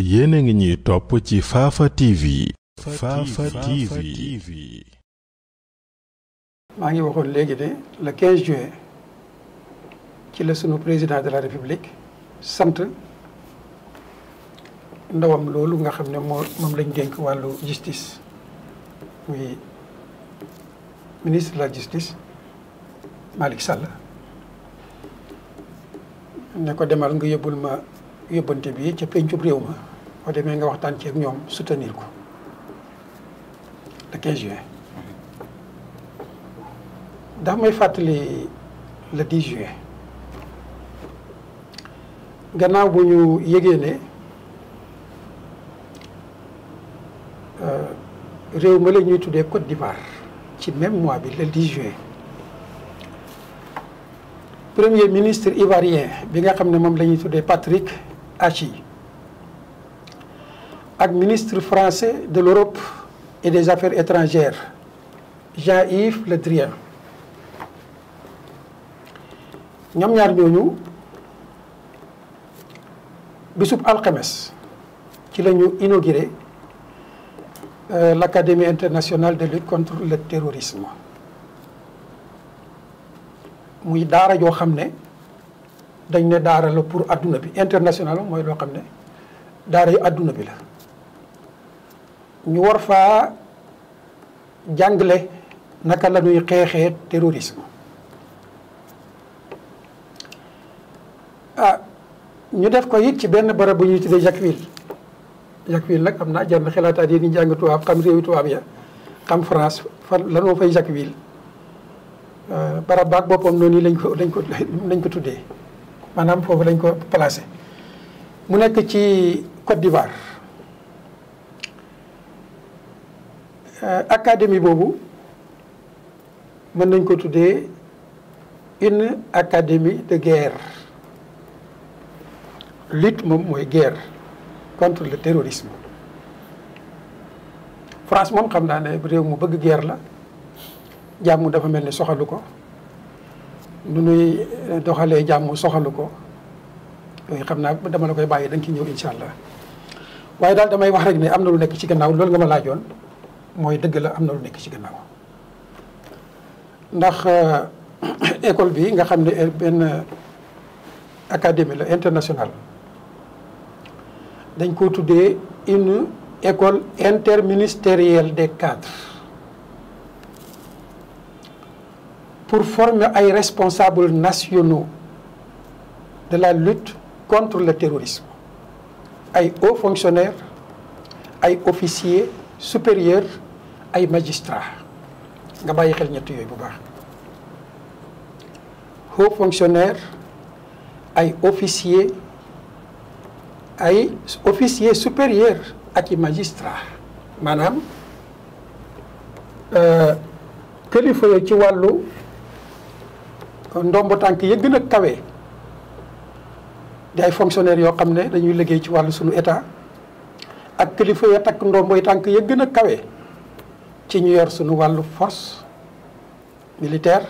yéen a ngi ñuy topp ci Fafa TV. Fafa TV maa ngi waxoon léegi de la 15 juin ci la sunu président de la république sant ndawam loolu nga xam ne moom lañ dénk wàllu justice muy ministre de la justice Malick Sall ne ko demal nga yóbbul ma. yóbbante bi ca pencub réew ma boo demee nga waxtaan ci ñoom soutenir ko le juin dax may fàttali le 10 juin gannaaw bu ñu yëgee ne euh, réew ma la ñuy tuddee Côte d'Ivoire ci même mois bi le juin premier ministre ivoirien bi nga xam ne moom la ñuy tuddee Patrick Hachi ak ministre français de l'Europe et des Affaires étrangères Jean-Yves Le Drian ñoom ñaar ñooñu bisub alxames ci la ñu inauguré euh, l'Académie internationale de lutte contre le terrorisme muy daara joo xam ne dañ ne daara la pour adduna bi international mooy loo xam ne daara yu adduna bi la ñu war faa jàngale naka la ñuy xeexee terrorisme ah ñu def ko it ci benn barab bu ñuy tuddee Jacqueville Jacqueville nag am naa jar na xelaataat yi di jàng tubaab xam réewi tubaab ya xam France fan lanoo fay Jacqueville ah, barab baag boppam noonu lañ ko lañ ko tuddee maanaam foofu lañ ko placé mu nekk ci Côte d'Ivoire euh, académie boobu mën nañ ko tuddee une académie de guerre lutte moom mooy guerre contre le terrorisme France moom xam naa ne réew mu bëgg guerre la jàmm dafa mel ni soxalu ko nu nuy eh, doxalee jàmm soxalu ko yooyu xam naa dama la koy bàyyi da nga ciy ñëw incha allah waaye daal damay wax rek ne am na lu nekk ci gannaaw loolu nga ma laajoon mooy dëgg la am na lu nekk ci gannaaw ndax eh, école bi nga xam ne eh, benn académie la internationale dañ ko tuddee une école interministérielle des cadres pour forme ay responsables nationaux de la lutte contre le terrorisme ay hauts fonctionnaires ay officiers supérieurs ay magistrats nga bàyyi xel ñett yooyu bu baax hauts fonctionnaires ay officiers ay officiers supérieurs ak i magistrats maanaam euh, kilifa ci wàllu. ndombo tànk ya gën a kawe di ay fonctionnaires yoo xam ne dañuy liggéey ci wàllu suñu état ak kilifa ya takk ndomboy tànk ya gën kawe ci ñu yor suñu wàllu force militaire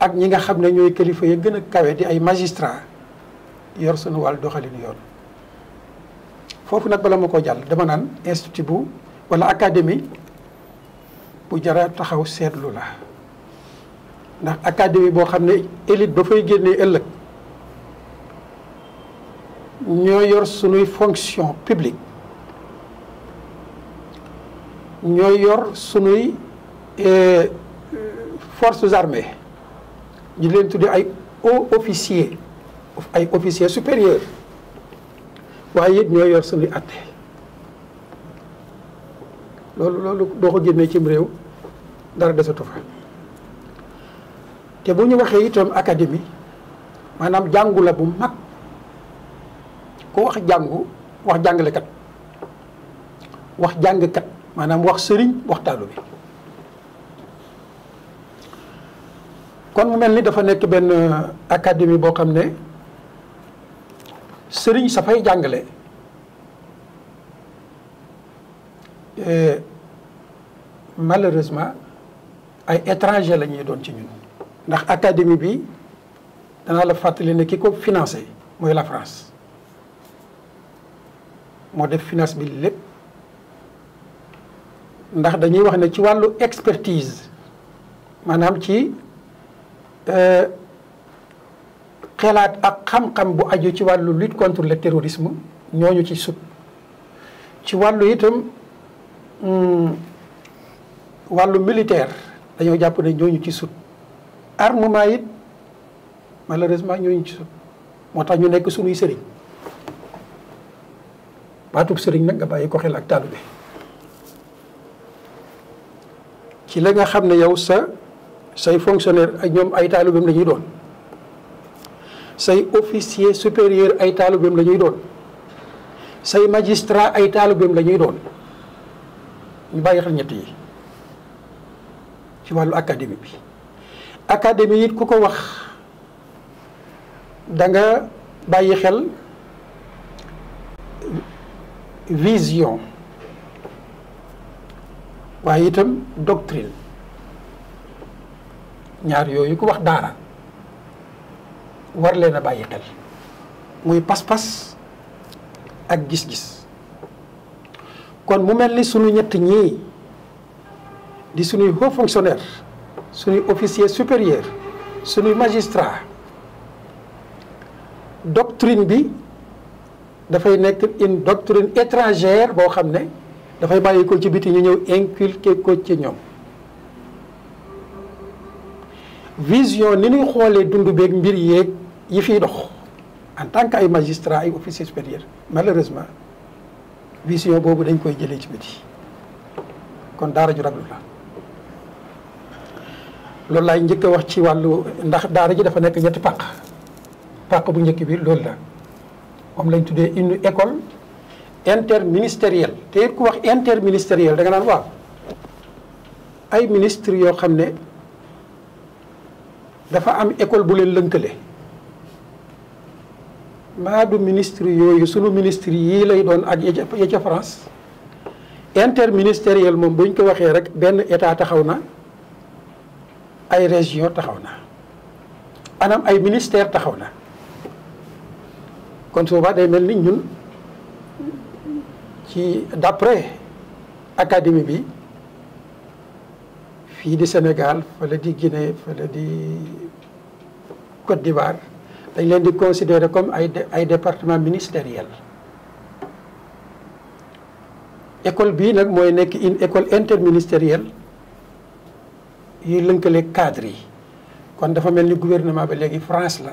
ak ñi nga xam ne ñooy kilifa ya gën a kawe di ay magistrat yor suñu wàll doxalin yoon foofu nag bala ma ko jàll dama naan institut bu walla académie bu jara taxaw seetlu la ndax académie boo xam ne élite ba fay génnee ëllëg ñoo yor sunuy fonction publique ñoo yor sunuy euh, forces armées ñu leen tuddee ay haut officier ay officier supérieur waaye it ñoo yor sunuy atte loolu loolu boo ko génnee cim réew dara desatu fa te bu ñu waxee itam académie maanaam jàngu bu mag ku wax jàngu wax jàngalekat wax jàngkat maanaam wax sëriñ wax taalibe bi kon mu mel ni dafa nekk benn académie boo xam ne sëriñ safay jàngale eh, malheureusement ay étranger la ñuy doon ci ñun ndax académie bi danaa la fàttali na ki ko financé mooy la France moo def finance bi lépp ndax dañuy wax ne ci wàllu expertise maanaam ci euh, xelaat ak xam-xam bu aju ci wàllu lutte contre le terrorisme ñooñu ci sut ci wàllu itam hmm, wàllu militaire dañoo jàpp ne ñooñu ci sut armement it malheureusement ñooñu ci moo tax ñu nekk suñuy sëriñ baatub sëriñ nag nga bàyyi ko xel ak taalibe ci la nga xam ne yow sa say fonctionnaire ak ñoom ay taalibeem la ñuy doon say officier supérieur ay taalibeem la ñuy doon say magistrat ay taalibeem la ñuy doon ñu bàyyi xel ñett yi ci wàllu académie bi académie it ku ko wax danga bàyyi xel vision waaye itam doctrine ñaar yooyu ku wax daara warleen a bàyyi xel muy pas-pas ak gis-gis kon mu mel ni sunu ñett ñii di sunuy haut fonctionnaire suñuy officier supérieur suñuy magistrat doctrine bi dafay nekk une doctrine étrangère boo xam ne dafay bàyyi ko ci biti ñu ñëw inculquer ko ci ñoom vision ni ñuy xoolee dund beeg mbir yeeg yi fiy dox en tant que ay magistrat ay officier supérieur malheureusement vision boobu dañ koy jëlee ci biti kon daara ju raglu la loolu laay njëkk a wax ci wàllu ndax daara ji dafa nekk ñetti pàq pàq bu njëkk bi loolu la moom lañ tuddee une école interministérielle te it ku wax interministérielle danga nga waaw ay ministre yoo xam ne dafa am école bu leen lënkale maa du ministre yooyu sunu ministre yii lay doon ak ya ca France interministériel moom ñu ko waxee rek benn état xaw na ay région taxaw na anam ay ministère taxaw na kon suba day mel ni ñun ci d'après académie bi fii di Sénégal fële di Guinée fële di Côte d'Ivoire dañ leen di considérer comme ay ay département ministériel école bii nag mooy nekk une école interministérielle yi lënkale cadre yi kon dafa mel ni gouvernement ba léegi France la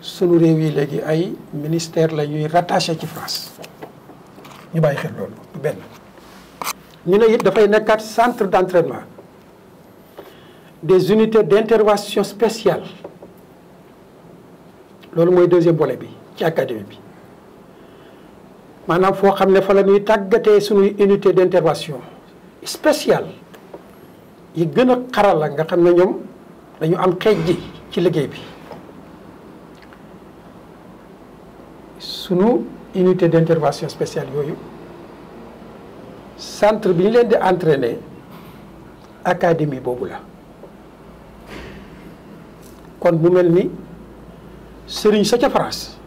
sunu réew yi léegi ay ministère la ñuy rattaché ci France ñu bàyyi xel loolu benn. ñu ne it dafay nekkaat centre d'entraînement des unités d'intervention spéciale loolu mooy deuxième volet bi ci académie bi maanaam foo xam ne fa la ñuy tàggatee suñuy unité d'intervention spéciale. yi gën a xarala nga xam ne ñoom dañu am xeej gi ci liggéey bi sunu unité d'intervention spéciale yooyu centre bi ñu leen di entraîner académie boobu la kon mu mel ni sëriñ sa ca France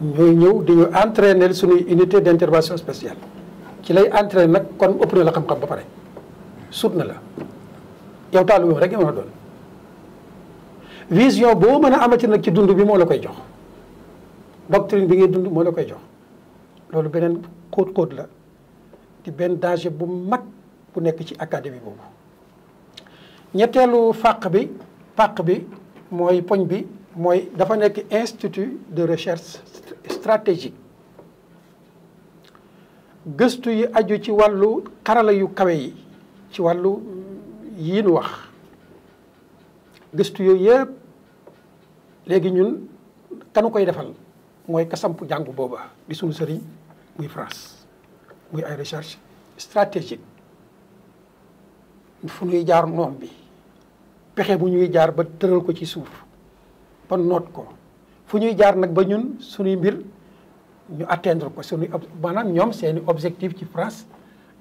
ñooy ñëw di ñu entraîner suñuy unité d'intervention spéciale ci lay entraîner nag kon ëpp na la xam-xam ba pare sut na la yow taalibe rek nga mën a doon vision boo mën a amati nag ci dund bi moo la koy jox doctrine bi ngay dund moo la koy jox loolu beneen xóot-xóot la di benn danger bu mag bu nekk ci académie boobu ñetteelu fàq bi fàq bi mooy poñ bi mooy dafa nekk institut de recherche stratégique gëstu yi aju ci wàllu xarala yu kawe yi ci wàllu yi nu wax gëstu yooyu yëpp léegi ñun kanu koy defal mooy ka samp jàngu booba di suñu sëriñ muy France muy ay recherche stratégique fu ñuy jaar noom bi pexe bu ñuy jaar ba tëral ko ci suuf ba noot ko fu ñuy jaar nag ba ñun suñuy mbir ñu attendre ko suñuy maanaam ñoom seeni objectif ci France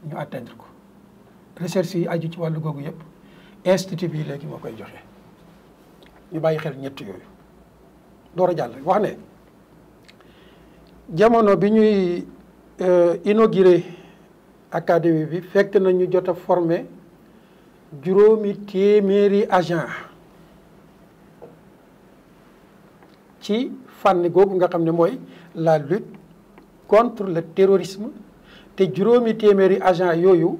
ñu atteindre ko recherche yi aju ci wàllu googu yëpp institut bi léegi moo koy joxe ñu bàyyi xel ñett yooyu door a jàll wax ne jamono bi ñuy euh, inauguré académie bi fekk na ñu jot a formé juróomi téeméeri agent ci fànn googu nga xam ne mooy la lutte contre le terrorisme te juróomi téeméeri agent yooyu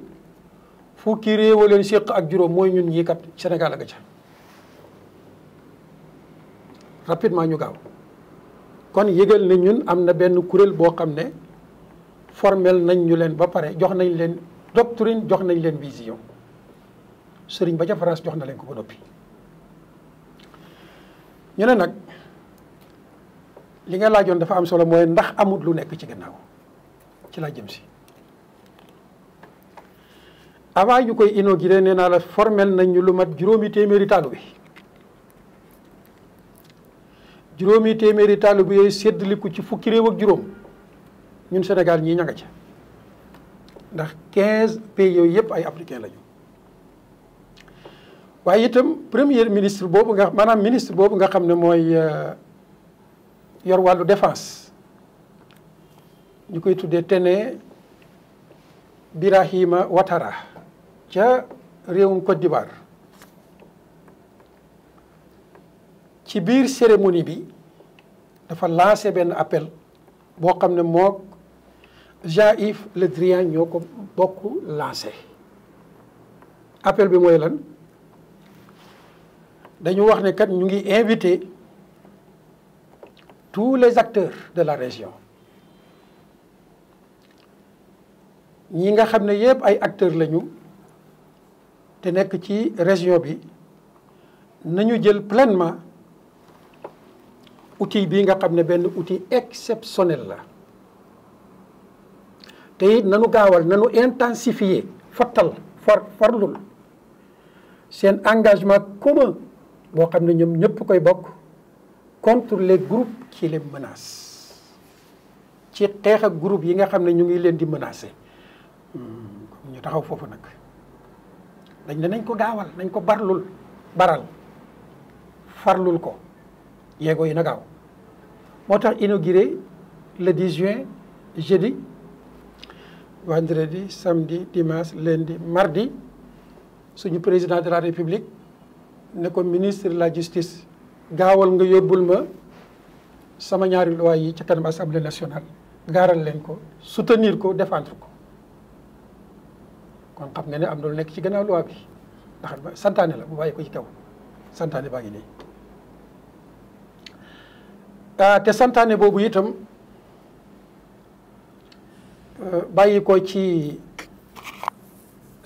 fukki réew leen ak juróom mooy ñun ñii kat Sénégal ak ca rapidement ñu gaaw kon yégal na ñun am na benn kuréel boo xam ne formel nañ ñu leen ba pare jox nañ leen doctrine jox nañ leen vision sëriñ ba ca France jox na leen ko ba noppi ñu ne nag li nga laajoon dafa am solo mooy ndax amut lu nekk ci gannaaw ci laa jëm si avant ñu koy inauguré nee naa la formel nañ ñu lu mat juróomi téeméeri taalibe bi juróomi téeméeri taalibe bi yooyu séddaliku ci fukki réew ak juróom ñun Sénégal ñii ña nga ca ndax 15 pays yooyu yëpp ay africain lañu waaye itam première ministre boobu nga maanaam ministre boobu nga xam ne mooy euh, yor wàllu défense ñu koy tuddee tene Birahima watara ca réewum Côte d'Ivoire ci biir cérémonie bi dafa lancé benn appel boo xam ne mook Jean-Yves Le Drian ñoo ko bokk lancé appel bi mooy lan dañu wax ne kat ñu ngi invité tous les acteurs de la région ñi nga xam ne yëpp ay acteurs lañu te nekk ci région bi nañu jël pleinement outil bii nga xam ne benn outil exceptionnel la te it nanu gaawal nanu intensifier fattal far farlul seen engagement commun boo xam ne ñoom ñëpp koy bokk contre les groupes qui les menacent ci xeex ak groupe yi nga xam ne ñu ngi leen di menacer hmm, ñu taxaw foofu nag dañ ne nañ ko gaawal nañ ko barlul baral farlul ko yeego yi na gaaw moo tax inauguré le 10 juin jeudi vendredi samedi dimanche lundi mardi suñu président de la république ne ko ministre de la justice gaawal nga yóbbul ma sama ñaari loi yi ci kanam assemblée nationale gaaral leen ko soutenir ko défendre ko kon xam nga ne am na lu nekk ci gannaaw loi bi ndax santaane la bu bàyyi ko ci kaw santaane baa ngi nii ah, te santaane boobu itam euh, bàyyi ko ci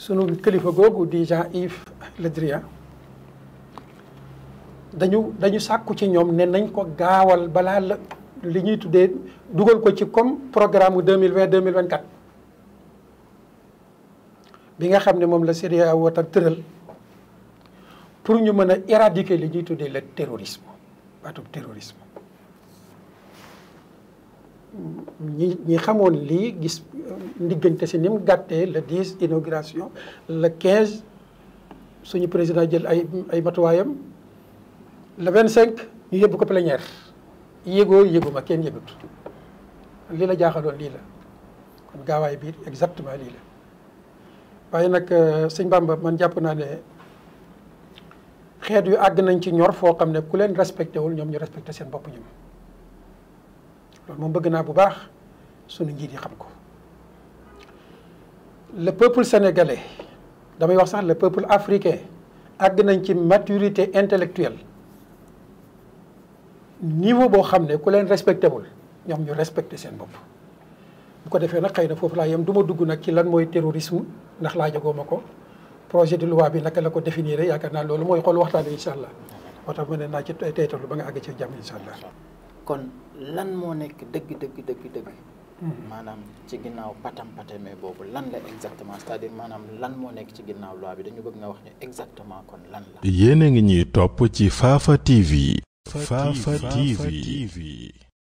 sunu kilifa googu di Jean-Yves Le Drian dañu dañu sàkku ci ñoom ne nañ ko gaawal balaa la li ñuy tuddee dugal ko ci comme programme mu deux mille vingt deux mille vingt quatre bi nga xam ne moom la CEDEAO ak tëral pour ñu mën a éradiquer li ñuy tuddee le terrorisme baatub terrorisme ñi ñi xamoon lii gis ndiggante si ni mu gàttee le 10 inauguration le 15 suñu président jël ay ay matuwaayam le 25 ñu yóbbu ko plénière yégoo yéguma kenn yégut lii la jaaxaloon lii la kon gaawaay bi exactement lii la waaye nag eh, sëñ Bamba man jàpp naa ne xeet yu àgg nañ ci ñor foo xam ne ku leen respecté wul ñoom ñu respecté seen bopp ñoom loolu moom bëgg naa bu baax sunu njiit xam ko le peuple sénégalais damay wax sax le peuple àgg nañ ci maturité intellectuelle niveau boo xam ne ku leen respecté wul ñoom ñu respecté seen bopp ko defee na xëy na foofu laa yem du ma dugg nag ci lan mooy terrorisme ndax laajagoo ma ko projet de loi bi naka la ko définir yaakaar naa loolu mooy xool waxtaan wi allah moo tax mu ne naa ci teytalu ba nga àgg ci jàmm incha allah. kon lan moo nekk dëgg dëgg dëgg dëgg. Hmm. maanaam ci ginnaaw patam patamee boobu lan la exactement cest à maanaam lan moo nekk ci ginnaaw loi bi dañu bëgg nga wax ne exactement kon lan la. yéen a ngi ñuy topp ci Fafa TV. Fafa TV.